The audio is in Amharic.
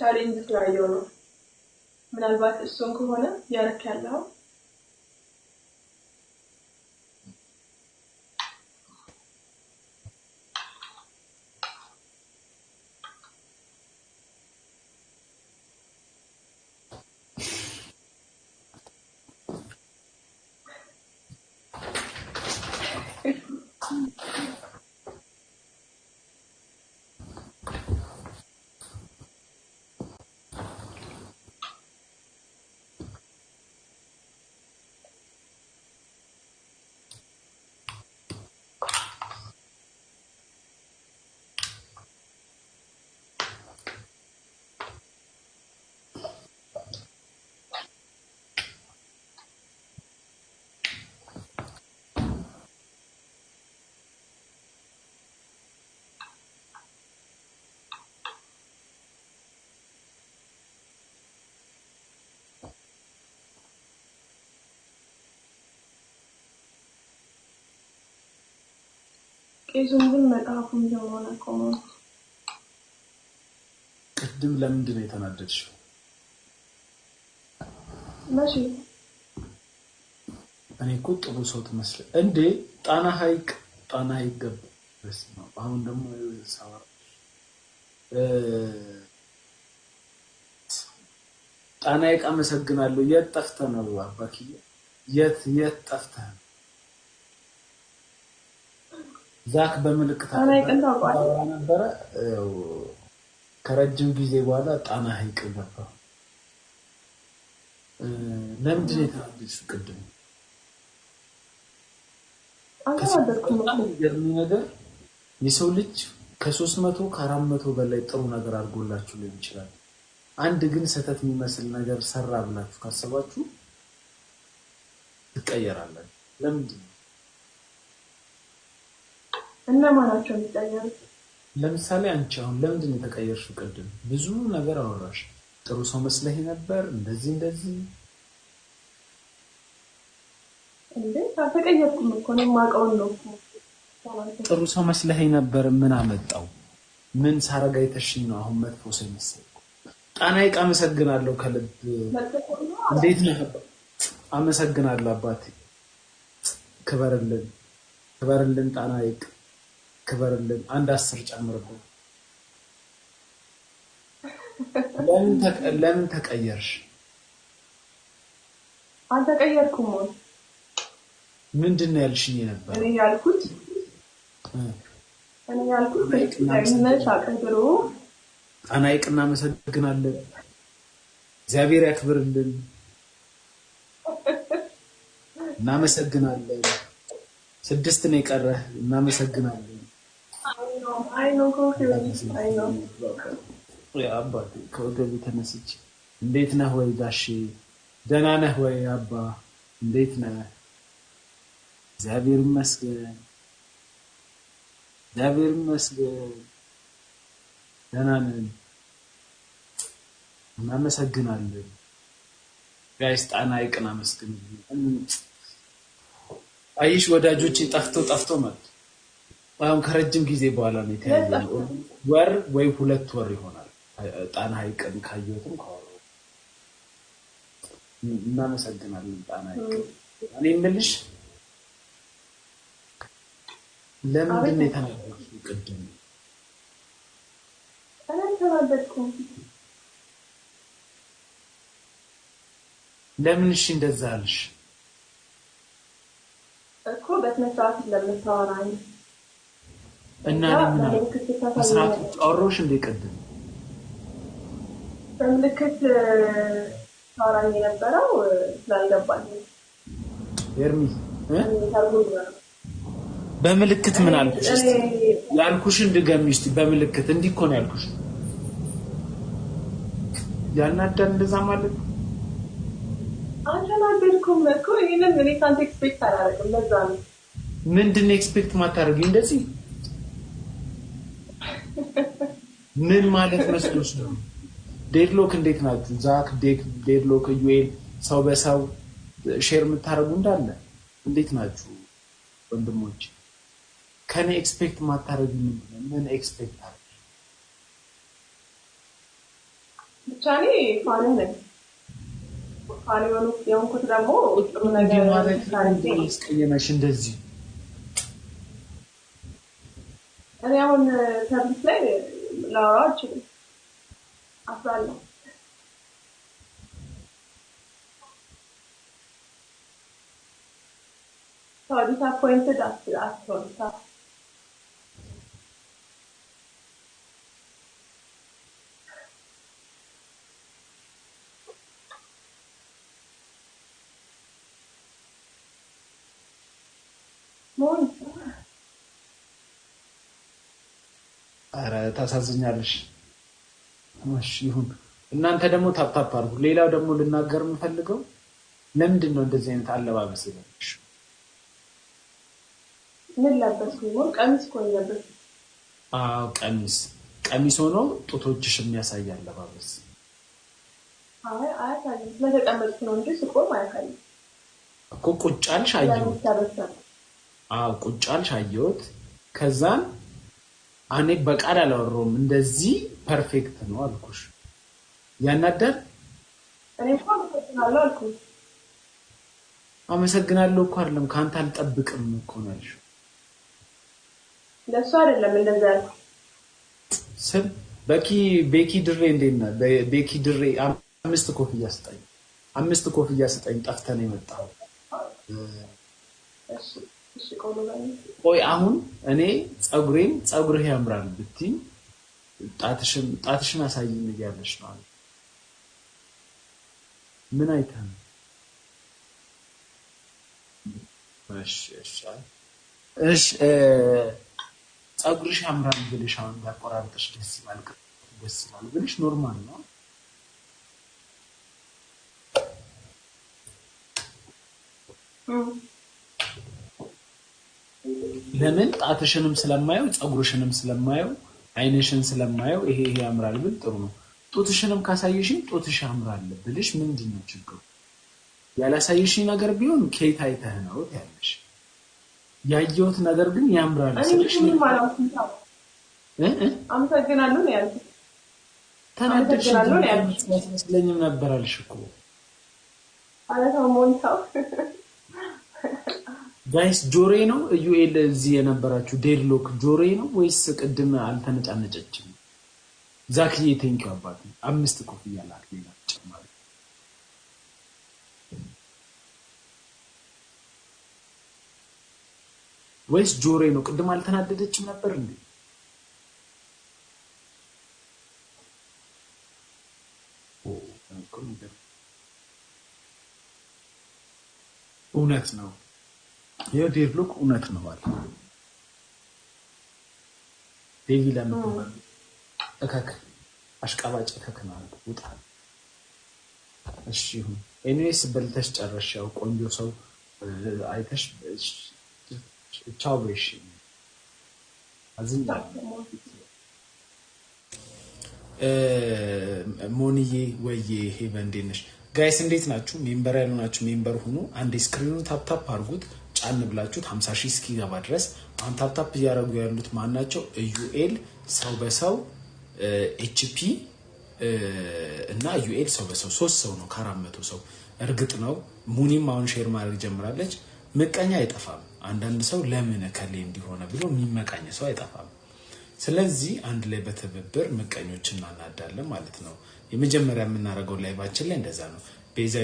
ቻሌንጅ ስላየው ነው። ምናልባት እሱን ከሆነ ያረክ ያለው ግን ቅድም ለምንድን ነው የተናደድሽው? መቼ እኔ እኮ ጥሩ ሰው ትመስል እንዴ! ጣና ሐይቅ ጣና ሐይቅ ገባ ነው። አሁን ደግሞ ጣና ሐይቅ አመሰግናለሁ። የት ጠፍተህ ነው አባክዬ? የት የት ጠፍተህ ነው? ዛክ በምልክት ነበረ። ከረጅም ጊዜ በኋላ ጣና ሐይቅ ገባ። ለምንድን የተናደድሽው? ቅድም ነገር የሰው ልጅ ከሶስት መቶ ከአራት መቶ በላይ ጥሩ ነገር አድርጎላችሁ ሊሆን ይችላል። አንድ ግን ስህተት የሚመስል ነገር ሰራ ብላችሁ ካሰባችሁ ትቀየራላችሁ። ለምንድን ነው ናቸው የሚቀየሩት? ለምሳሌ አንቺ አሁን ለምንድን ነው የተቀየርሽው? ቅድም ብዙ ነገር አወራሽ፣ ጥሩ ሰው መስለህ ነበር፣ እንደዚህ እንደዚህ። አልተቀየርኩም እኮ የማውቀውን ነው። ጥሩ ሰው መስለህ ነበር፣ ምን አመጣው? ምን ሳረጋይተሽኝ ነው አሁን መጥፎ ሰው ይመስል? ጣናዬ ቃ አመሰግናለሁ፣ ከልብ እንዴት ነህ? አመሰግናለሁ አባቴ፣ ክበርልን፣ ክበርልን ጣናዬ ክበርልን፣ አንድ አስር ጨምርብን። ለምን ተቀየርሽ? አልተቀየርኩም። ምንድን ነው ያልሽኝ ነበር? እኔ ያልኩት እኔ ያልኩት ነሽ እናመሰግናለን፣ እግዚአብሔር ያክብርልን፣ እናመሰግናለን። ስድስት ነው የቀረህ፣ እናመሰግናለን ከወገብ እንዴት ነህ ወይ ጋሼ፣ ደህና ነህ ወይ አባ፣ እንዴት ነህ? እግዚአብሔር ይመስገን፣ እግዚአብሔር ይመስገን፣ ደህና ነን፣ እናመሰግናለን። ጋይስ ጣና አመስግን። አይሽ ወዳጆቼ ጠፍቶ ጠፍቶ መጡ። አሁን ከረጅም ጊዜ በኋላ ነው የተያየው። ወር ወይ ሁለት ወር ይሆናል። ጣና ሐይቅን ካየሁትም ከወሩ እናመሰግናለን። ጣና ሐይቅ እኔ የምልሽ ለምንድን ነው የተናገርኩት ቅድም? ለምን እሺ እንደዛ አልሽ እኮ በስነ ስርዓት ለምታወራኝ እና ለምን መስራት ጨሮሽ እንደ ቅድም በምልክት ታራኝ የነበረው ስላልገባኝ ኤርሚ በምልክት ምን አልኩሽ? እስቲ ያልኩሽን ድገሚ እስቲ። በምልክት እንዲህ እኮ ነው ያልኩሽ። ያናዳል እንደዛ ማለት አልተናደድኩም እኮ። ይሄንን እኔ ካንተ ኤክስፔክት አላደርግም። ለዛ ነው ምንድን ነው ኤክስፔክት ማታደርጊ እንደዚህ ምን ማለት መስሎች ነው? ዴድሎክ እንዴት ናት? ዛክ ዴድሎክ፣ ዩኤል ሰው በሰው ሼር የምታደርጉ እንዳለ እንዴት ናችሁ ወንድሞች? ከኔ ኤክስፔክት ማታደርግ ምን ኤክስፔክት አደረግ ብቻ እኔ ፋን ነኝ ፋን የሆንኩት ደግሞ ጭም ነገር ማለት ያስቀየመሽ እንደዚህ እኔ ተብት ላይ ላወራ አልችልም። አፍራለሁ። ሰው ዲስአፖይንትድ አትሆን። አረ ታሳዝኛለሽ። እሺ ይሁን። እናንተ ደግሞ ታፕታፕ አድርጉ። ሌላው ደግሞ ልናገር የምፈልገው ለምንድን ነው እንደዚህ አይነት አለባበስ የለሽ? ምን ለበስ? ቀሚስ አዎ ቀሚስ ቀሚስ ሆኖ ጡቶችሽ የሚያሳይ አለባበስ ስለተቀመጥኩ ነው እንጂ ስቆም እኮ። ቁጫልሽ አየሁት። አዎ ቁጫልሽ አየሁት። ከዛን እኔ በቃል አላወራሁም። እንደዚህ ፐርፌክት ነው አልኩሽ። ያናደር አመሰግናለሁ እኮ አይደለም ከአንተ አልጠብቅም እኮ ነው ያልሽው። ለእሱ አይደለም እንደዛ ስል በኪ ቤኪ ድሬ እንዴት ነህ? ቤኪ ድሬ አምስት ኮፍያ ስጠኝ፣ አምስት ኮፍያ ስጠኝ። ጠፍተህ ነው የመጣኸው። ቆይ አሁን እኔ ጸጉሬን ጸጉርህ ያምራል ብትይ ጣትሽን አሳይኝ እያለሽ ነው። ምን አይተህ ነው? እሺ ጸጉርሽ ያምራል ብልሽ አሁን ያቆራረጥሽ ደስ ይላል፣ ደስ ይላል ብልሽ ኖርማል ነው። ለምን ጣትሽንም ስለማየው ፀጉርሽንም ስለማየው አይንሽን ስለማየው ይሄ ይሄ ያምራል ብል ጥሩ ነው። ጡትሽንም ካሳየሽኝ ጡትሽ ያምራል ብልሽ ምንድን ነው ችግሩ? ያላሳየሽኝ ነገር ቢሆን ከየት አይተህ ነው ያለሽ። ያየሁት ነገር ግን ያምራል ስልሽ አመሰግናለሁ ነው ያልኩት። ተናደድሽ መስለኝም ነበር አልሽ እኮ አለታሞን ሰው ጋይስ ጆሬ ነው እዩኤል እዚህ የነበራችሁ ዴድሎክ ጆሬ ነው ወይስ ቅድም አልተነጫነጨችም? ዛክዬ ቴንኪ አባት አምስት ኮፍ ላክ ሌላ ጨማሪ ወይስ ጆሬ ነው? ቅድም አልተናደደችም ነበር እንዴ? እውነት ነው። የዴቭሎክ እውነት ነው አለ ዴቪ ለምትባል እከክ አሽቃባጭ እከክ ነው አለ ውጣ። እሺ ይሁን ኤኒዌይስ፣ በልተሽ ጨረሽ። ያው ቆንጆ ሰው አይተሽ ቻው ብለሽ አዝን ሞንዬ ወዬ ሄቨን እንዴት ነሽ? ጋይስ እንዴት ናችሁ? ሜምበር ናችሁ ሜምበር ሁኑ። አንዴ ስክሪኑ ታፕታፕ አድርጉት። ጫን ብላችሁት 50 ሺህ እስኪገባ ድረስ አሁን ታፕታፕ እያደረጉ ያሉት ማን ናቸው? ዩኤል ሰው በሰው ኤችፒ እና ዩኤል ሰው በሰው ሶስት ሰው ነው ከአራት መቶ ሰው እርግጥ ነው። ሙኒም አሁን ሼር ማድረግ ጀምራለች። ምቀኛ አይጠፋም። አንዳንድ ሰው ለምን ከሌ እንዲሆነ ብሎ የሚመቃኝ ሰው አይጠፋም። ስለዚህ አንድ ላይ በትብብር ምቀኞች እናናዳለን ማለት ነው። የመጀመሪያ የምናደርገው ላይቫችን ላይ እንደዛ ነው። ቤዛ